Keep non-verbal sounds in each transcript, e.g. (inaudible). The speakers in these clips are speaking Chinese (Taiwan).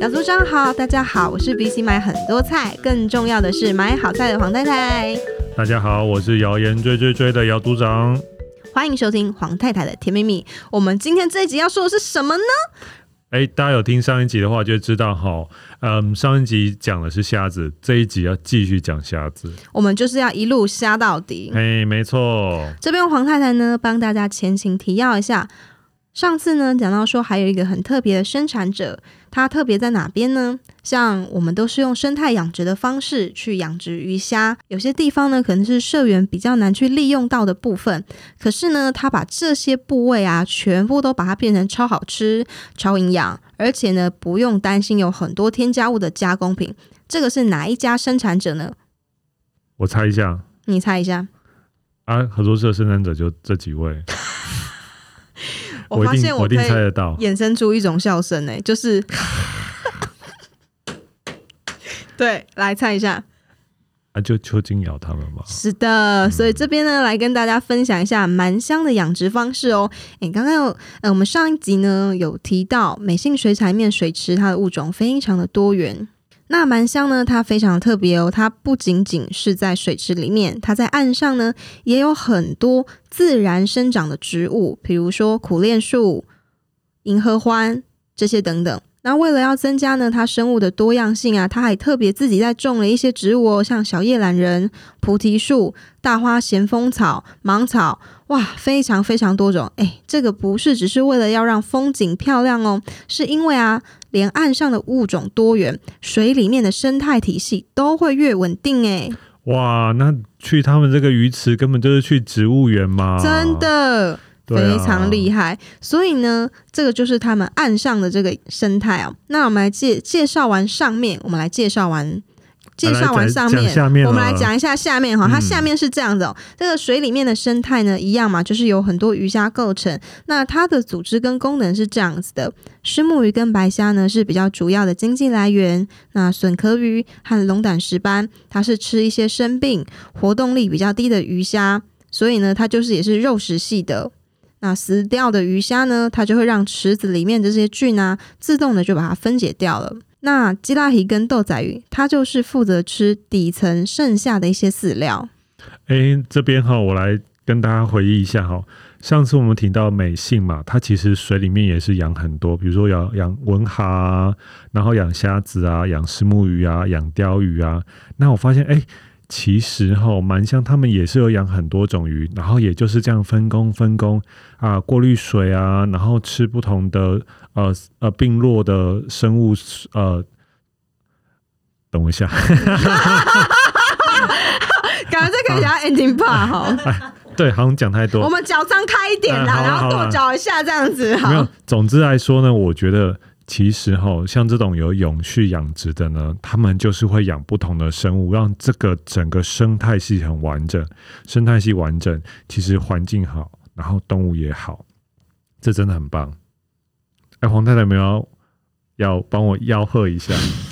姚組長好，大家好，我是比起買很多菜更重要的是買好菜的黃太太。大家好，我是謠言追追追的姚組長。歡迎收聽黃太太的甜蜜蜜。我們今天這一集要說的是什麼呢？欸，大家有聽上一集的話，就會知道哈，嗯，上一集講的是蝦子，這一集要繼續講蝦子，我們就是要一路瞎到底。哎，沒錯。這邊黃太太呢，幫大家前情提要一下。上次呢，講到說還有一個很特別的生產者，他特別在哪邊呢？像我們都是用生態養殖的方式去養殖魚蝦，有些地方呢，可能是社員比較難去利用到的部分，可是呢，他把這些部位啊，全部都把它變成超好吃、超營養，而且呢不用擔心有很多添加物的加工品。這個是哪一家生產者呢？我猜一下，你猜一下啊。合作社生產者就這幾位。我發現我可以衍生出一種笑聲呢、欸，就是， (laughs) 對，來猜一下，啊，就邱金瑤他們嘛，是的，所以這邊呢，來跟大家分享一下蠻香的養殖方式哦、喔。誒、嗯，剛、欸、剛呃，我們上一集呢有提到美信水產面水池，它的物種非常的多元。那蠻香呢，它非常特別哦。它不僅僅是在水池裡面，它在岸上呢也有很多自然生長的植物，比如說苦楝樹、銀合歡這些等等。那為了要增加呢它生物的多樣性啊，它還特別自己在種了一些植物哦，像小葉欖仁、菩提樹、大花咸豐草、芒草，哇，非常非常多種。哎，這個不是只是為了要讓風景漂亮哦，是因為啊。連岸上的物種多元，水裡面的生態體系都會越穩定。誒哇，那去他們這個魚池根本就是去植物園嗎？真的非常厲害。啊，所以呢，這個就是他們岸上的這個生態啊、喔。那我們來介介紹完上面，我們來介紹完。介紹完上面，面，我們來講一下下面哈、嗯，它下面是這樣的、哦，這個水裡面的生態呢一樣嘛，就是有很多魚蝦構成。那它的組織跟功能是這樣子的，虱目魚跟白蝦呢是比較主要的經濟來源。那筍殼魚和龍膽石斑，它是吃一些生病、活動力比較低的魚蝦，所以呢，它就是也是肉食系的。那死掉的魚蝦呢，它就會讓池子裡面的這些菌啊，自動的就把它分解掉了。那基拉魚跟豆仔魚，它就是負責吃底層剩下的一些飼料。哎、欸，這邊哈，我來跟大家回憶一下哈。上次我們提到美信嘛，它其實水裡面也是養很多，比如說養養文蛤，啊，然後養蝦子啊，養虱目魚啊，養鯛魚啊。那我發現哎。欸其實哈，蠻像，他們也是有養很多種魚，然後也就是這樣分工分工啊，呃，過濾水啊，然後吃不同的呃呃病弱的生物呃，等我一下，感覺這個可以講 ending part 哈，啊喔，對，好像講太多，我們腳張開一點啦，呃，啦然後跺腳一下這樣子好，沒有，總之來說呢，我覺得。其實哈，像這種有永續養殖的呢，他們就是會養不同的生物，讓這個整個生態系很完整。生態系完整，其實環境好，然後動物也好，這真的很棒。哎，黃太太，你沒有要幫我吆喝一下嗎？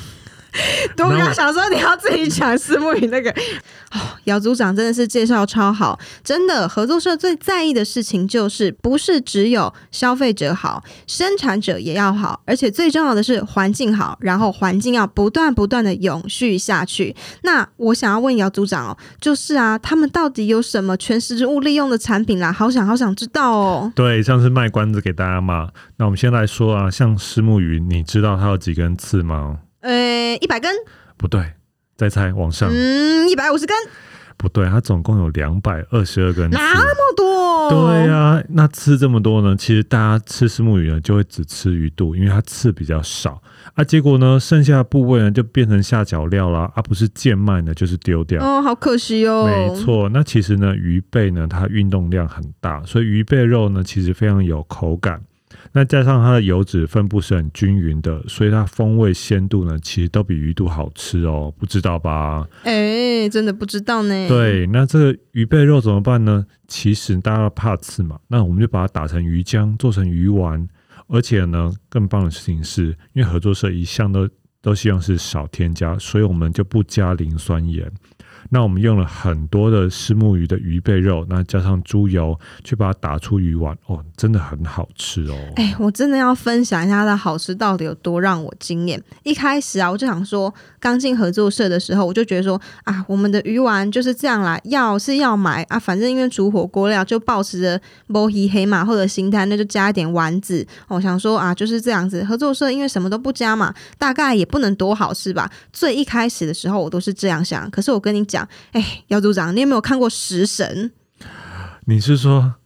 (laughs) 我們要想說，你要自己講虱目魚那個、 (laughs) 哦，姚組長真的是介紹超好，真的合作社最在意的事情就是，不是只有消費者好，生產者也要好，而且最重要的是環境好，然後環境要不斷不斷的永續下去。那我想要問姚組長哦，就是啊，他們到底有什麼全食物利用的產品啦、啊？好想好想知道哦。對，上次賣關子給大家嘛，那我們先來說啊，像虱目魚，你知道它有幾根刺嗎？呃，一百根不對，再猜往上，一百五十根不對，它總共有兩百二十二根，那麼多，對呀、啊，那吃這麼多呢？其實大家吃虱目魚呢，就會只吃魚肚，因為它刺比較少啊。結果呢，剩下的部位呢就變成下腳料了，而、啊、不是賤賣呢，就是丟掉。哦，好可惜哦。沒錯，那其實呢，魚背呢，它運動量很大，所以魚背肉呢，其實非常有口感。那加上它的油脂分布是很均勻的，所以它的風味鮮度呢，其實都比魚肚好吃哦，不知道吧？哎、欸，真的不知道呢。對，那這個魚背肉怎麼辦呢？其實大家怕刺嘛，那我們就把它打成魚漿，做成魚丸。而且呢，更棒的事情是，因為合作社一向都都希望是少添加，所以我們就不加磷酸鹽。那我們用了很多的虱目魚的魚背肉，那加上豬油去把它打出魚丸，哦，真的很好吃哦。哎、欸，我真的要分享一下它的好吃到底有多讓我驚艷。一開始啊，我就想說，剛進合作社的時候，我就覺得說啊，我們的魚丸就是這樣來，要是要買啊，反正因為煮火鍋料就抱持着摸黑黑馬或者心態，那就加一點丸子。哦、我想說啊，就是這樣子。合作社因為什麼都不加嘛，大概也不能多好吃吧。最一開始的時候，我都是這樣想。可是我跟你講。哎、欸，姚組長，你有沒有看過《食神》？你是說？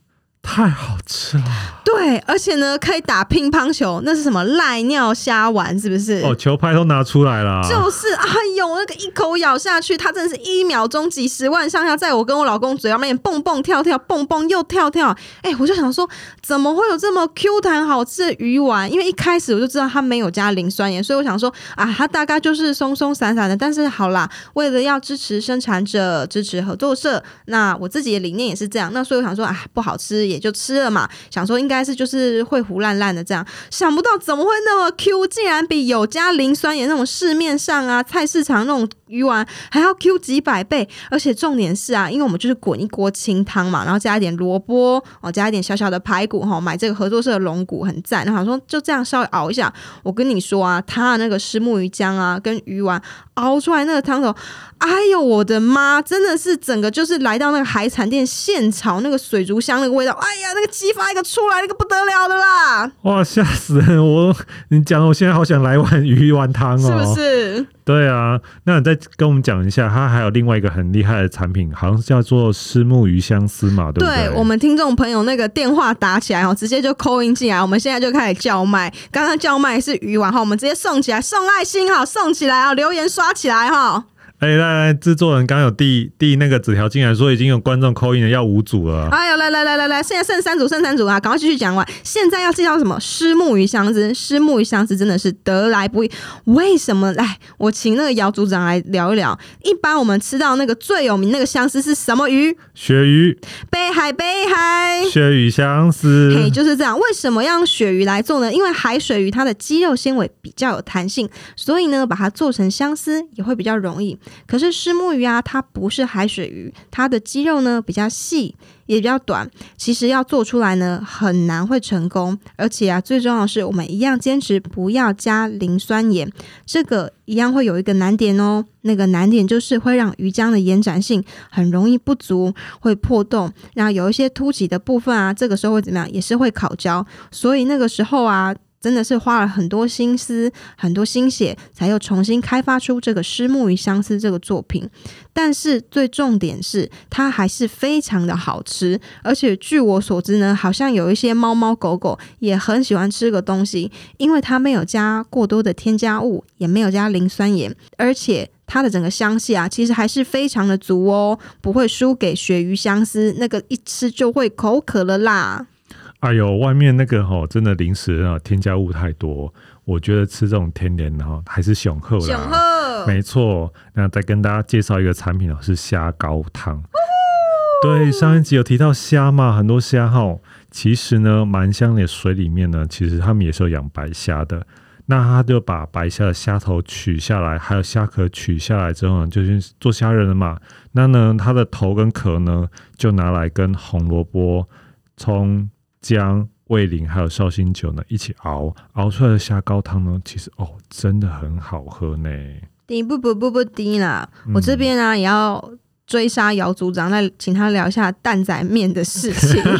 太好吃了。對，而且呢，可以打乒乓球。那是什麼賴尿蝦丸，是不是？哦，球拍都拿出來了。就是，哎呦，那個一口咬下去，它真的是一秒鐘幾十萬上下，在我跟我老公嘴上面蹦蹦跳跳，蹦蹦又跳跳。哎、欸，我就想說，怎麼會有這麼 Q 彈好吃的魚丸？因為一開始我就知道它沒有加磷酸鹽，所以我想說，啊，它大概就是松鬆散散的。但是好啦，為了要支持生產者，支持合作社，那我自己的理念也是這樣。那所以我想說，啊，不好吃。也就吃了嘛，想說應該是就是會糊爛爛的這樣，想不到怎麼會那麼 Q，竟然比有加磷酸鹽那種市面上啊菜市場那種魚丸還要 Q 幾百倍，而且重點是啊，因為我們就是滾一鍋清湯嘛，然後加一點蘿蔔，哦，加一點小小的排骨哈，買這個合作社的龍骨很讚，然後說就這樣稍微熬一下，我跟你說啊，他那個虱目魚漿啊，跟魚丸熬出來那個湯頭，哎呦我的媽，真的是整個就是來到那個海產店現炒那個水族箱那個味道。哎呀，那個激發一個出來，那個不得了的啦！哇，嚇死人！我！你講，我現在好想來碗魚丸湯哦，喔，是不是？對啊，那你再跟我們講一下，它還有另外一個很厲害的產品，好像是叫做「虱目魚香絲」嘛，對不對？我們聽眾朋友那個電話打起來哦，直接就 call in 進來，我們現在就開始叫賣。剛剛叫賣是魚丸哈，我們直接送起來，送愛心啊，送起來啊，留言刷起來哈。哎、欸，來來，製作人剛有遞遞那個紙條進來，說已經有觀眾 call in 了，要五組了。哎呦來來來來來，現在剩三組，剩三組啊，趕快繼續講完。現在要介紹什麼？虱目魚香絲，虱目魚香絲真的是得來不易。為什麼？來，我請那個姚組長來聊一聊。一般我們吃到那個最有名的那個香絲是什麼魚？鱈魚。北海，北海。鱈魚香絲，嘿，就是這樣。為什麼要用鱈魚來做呢？因為海水魚它的肌肉纖維比較有彈性，所以呢，把它做成香絲也會比較容易。可是虱目魚啊，它不是海水魚，它的肌肉呢比較細，也比較短，其實要做出來呢很難會成功。而且啊，最重要的是我們一樣堅持不要加磷酸鹽，這個一樣會有一個難點哦。那個難點就是會讓魚漿的延展性很容易不足，會破洞。然後有一些凸起的部分啊，這個時候會怎麼樣？也是會烤焦。所以那個時候啊。真的是花了很多心思，很多心血，才又重新開發出這個虱目魚香絲這個作品。但是最重點是，它還是非常的好吃，而且據我所知呢，好像有一些貓貓狗狗也很喜歡吃這個東西，因為它沒有加過多的添加物，也沒有加磷酸鹽，而且它的整個香氣啊，其實還是非常的足哦，不會輸給鱈魚香絲，那個一吃就會口渴了啦。哎呦，外面那個吼，真的零食啊，添加物太多。我覺得吃這種天然的吼，還是雄厚的沒錯。那再跟大家介紹一個產品哦，是蝦高湯。對，上一集有提到蝦嘛，很多蝦吼，其實呢，蠻香的水裡面呢，其實他們也是有養白蝦的。那他就把白蝦的蝦頭取下來，還有蝦殼取下來之後呢，就是做蝦仁了嘛。那呢，它的頭跟殼呢，就拿來跟紅蘿蔔、蔥。薑味醂、還有紹興酒呢，一起熬，熬出來的蝦高湯呢，其實哦，真的很好喝呢。丁不不不不丁啦，我這邊呢、啊、也要追殺姚組長，來請他聊一下擔仔麵的事情。 (laughs)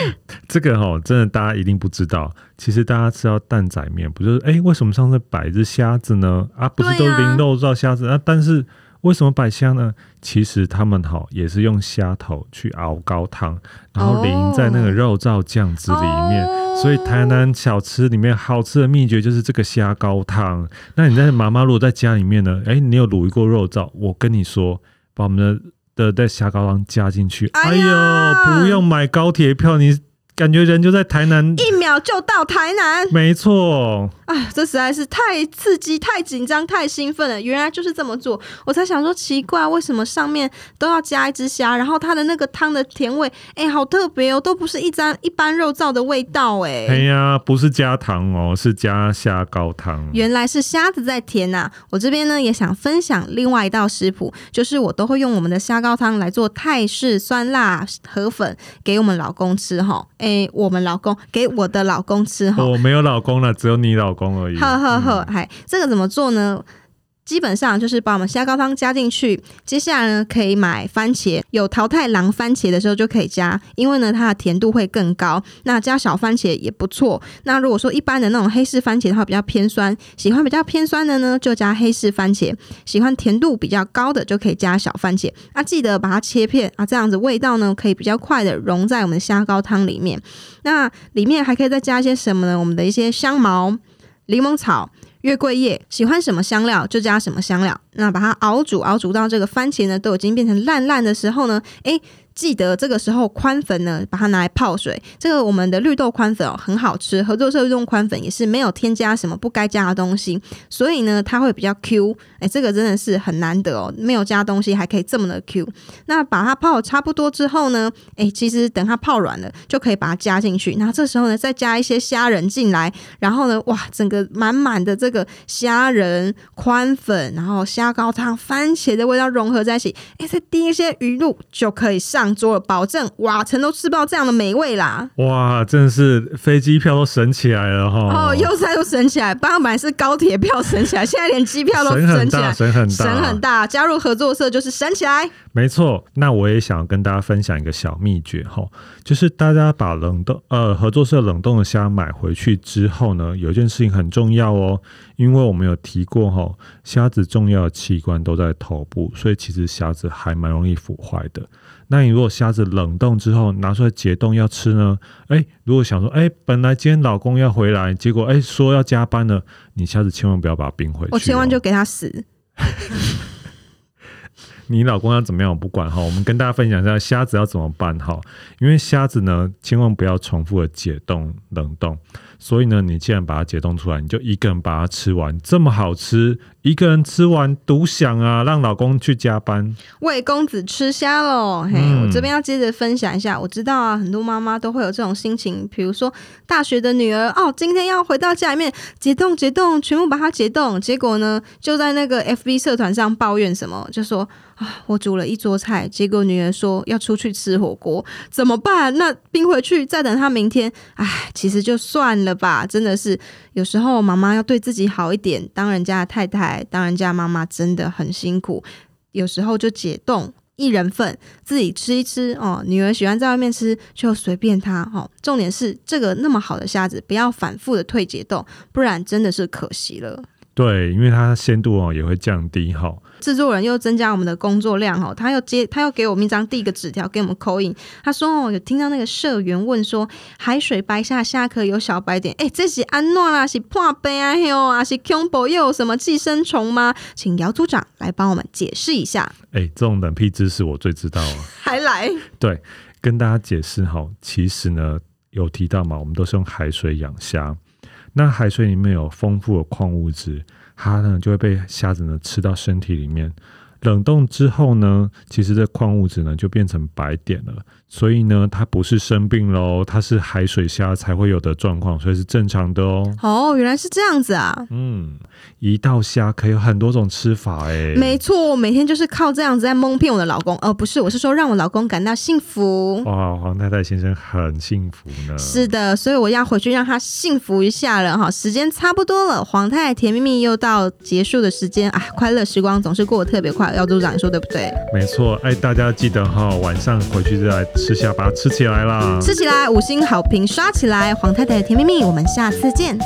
(laughs) 這個哦，真的大家一定不知道，其實大家知道擔仔麵，不就是哎、欸，為什麼上次擺着蝦子呢？啊，不是都零肉肉蝦子啊，啊，但是。為什麼白蝦呢？其實他們好也是用蝦頭去熬高湯，然後淋在那個肉燥醬汁裡面。Oh. Oh. 所以台南小吃裡面好吃的秘訣就是這個蝦高湯。那你在媽媽如果在家裡面呢？哎、欸，你有滷一鍋肉燥，我跟你說，把我們的的在蝦高湯加進去。Oh. 哎呀，不用買高鐵票你。感覺人就在台南，一秒就到台南，沒錯。哎，這實在是太刺激、太緊張、太興奮了。原來就是這麼做，我才想說奇怪，為什麼上面都要加一隻蝦？然後它的那個湯的甜味，哎，好特別哦，都不是一張一般肉燥的味道哎。哎呀，不是加糖哦，是加蝦高湯。原來是蝦子在甜吶。我這邊呢也想分享另外一道食譜，就是我都會用我們的蝦高湯來做泰式酸辣河粉給我們老公吃哈。給、hey, 我們老公給我的老公吃，oh。我沒有老公了，只有你老公而已。呵呵呵，哎、嗯，Hi, 這個怎麼做呢？基本上就是把我們蝦高湯加進去，接下來呢可以買番茄，有桃太郎番茄的時候就可以加，因為呢它的甜度會更高。那加小番茄也不錯。那如果說一般的那種黑柿番茄的話比較偏酸，喜歡比較偏酸的呢就加黑柿番茄，喜歡甜度比較高的就可以加小番茄。那、啊、記得把它切片啊，這樣子味道呢可以比較快的融在我們蝦高湯裡面。那裡面還可以再加一些什麼呢？我們的一些香茅、檸檬草。月桂葉，喜歡什麼香料就加什麼香料。那把它熬煮，熬煮到這個番茄呢都已經變成爛爛的時候呢，哎，記得這個時候寬粉呢，把它拿來泡水。這個我們的綠豆寬粉哦，很好吃。合作社用寬粉也是沒有添加什麼不該加的東西，所以呢，它會比較 Q。哎，這個真的是很難得哦，沒有加東西還可以這麼的 Q。那把它泡差不多之後呢，哎，其實等它泡軟了，就可以把它加進去。那這時候呢，再加一些蝦仁進來，然後呢，哇，整個滿滿的這個蝦仁寬粉，然後蝦。高湯、番茄的味道融合在一起，哎、欸，再滴一些魚露就可以上桌了。保證瓦城都吃不到這樣的美味啦！哇，真的是飛機票都省起來了哈！哦，油菜都省起來，包括本來是高鐵票省起來，現在連機票都省起來省，省很大，省很大。加入合作社就是省起來，沒錯。那我也想跟大家分享一個小秘訣哈，就是大家把冷凍呃合作社冷凍的蝦買回去之後呢，有一件事情很重要哦，因為我們有提過哈，蝦子重要。器官都在頭部，所以其實蝦子還蠻容易腐壞的。那你如果蝦子冷凍之後拿出來解凍要吃呢？誒、欸，如果想說，哎、欸，本來今天老公要回來，結果哎、欸、說要加班呢。你下次千萬不要把它冰回去喔。我千萬就給他死。 (laughs) 你老公要怎麼樣我不管哈，我們跟大家分享一下蝦子要怎麼辦哈，因為蝦子呢，千萬不要重複的解凍冷凍。所以呢，你既然把它解凍出來，你就一個人把它吃完，這麼好吃，一個人吃完獨享啊，讓老公去加班，餵公子吃蝦嘍。嘿，我這邊要接着分享一下、嗯，我知道啊，很多媽媽都會有這種心情，比如說大學的女兒哦，今天要回到家裡面解凍解凍，全部把它解凍，結果呢就在那個 FB 社團上抱怨什麼，就說啊，我煮了一桌菜，結果女兒說要出去吃火鍋，怎麼辦？那冰回去，再等她明天，哎，其實就算了。了吧，真的是有時候媽媽要對自己好一點。當人家太太，當人家媽媽真的很辛苦。有時候就解凍一人份，自己吃一吃哦。女兒喜歡在外面吃，就隨便她哦。重點是這個那麼好的蝦子，不要反復的退解凍，不然真的是可惜了。對，因為它鮮度哦也會降低哈。製作人又增加我們的工作量哈，他又接，他又給我們一張第一個紙條給我們口譯。他說哦，有聽到那個社員問說，海水白蝦蝦殼有小白點，哎、欸，這是按怎啊，是破病啊，還是又有什麼寄生蟲嗎？請姚組長來幫我們解釋一下。哎、欸，這種冷僻知識我最知道啊， (laughs) 還來？對，跟大家解釋哈，其實呢有提到嘛，我們都是用海水養蝦。那海水裡面有豐富的礦物質，它呢就會被蝦子呢吃到身體裡面。冷凍之後呢，其實這礦物質呢就變成白點了，所以呢，它不是生病嘍，它是海水蝦才會有的狀況，所以是正常的哦。哦，原來是這樣子啊。嗯，一道蝦可以有很多種吃法哎、欸。沒錯，我每天就是靠這樣子在蒙騙我的老公，而、呃、不是，我是說讓我老公感到幸福。哇，黃太太先生很幸福呢。是的，所以我要回去讓他幸福一下了。好，時間差不多了，黃太太甜蜜蜜又到結束的時間啊，快樂時光總是過得特別快。小組長，說對不對？沒錯，哎，大家記得哈，晚上回去再來吃下巴，把它吃起來啦！吃起來，五星好評刷起來！黃太太的甜蜜蜜，我們下次見，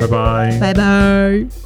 拜拜，拜拜。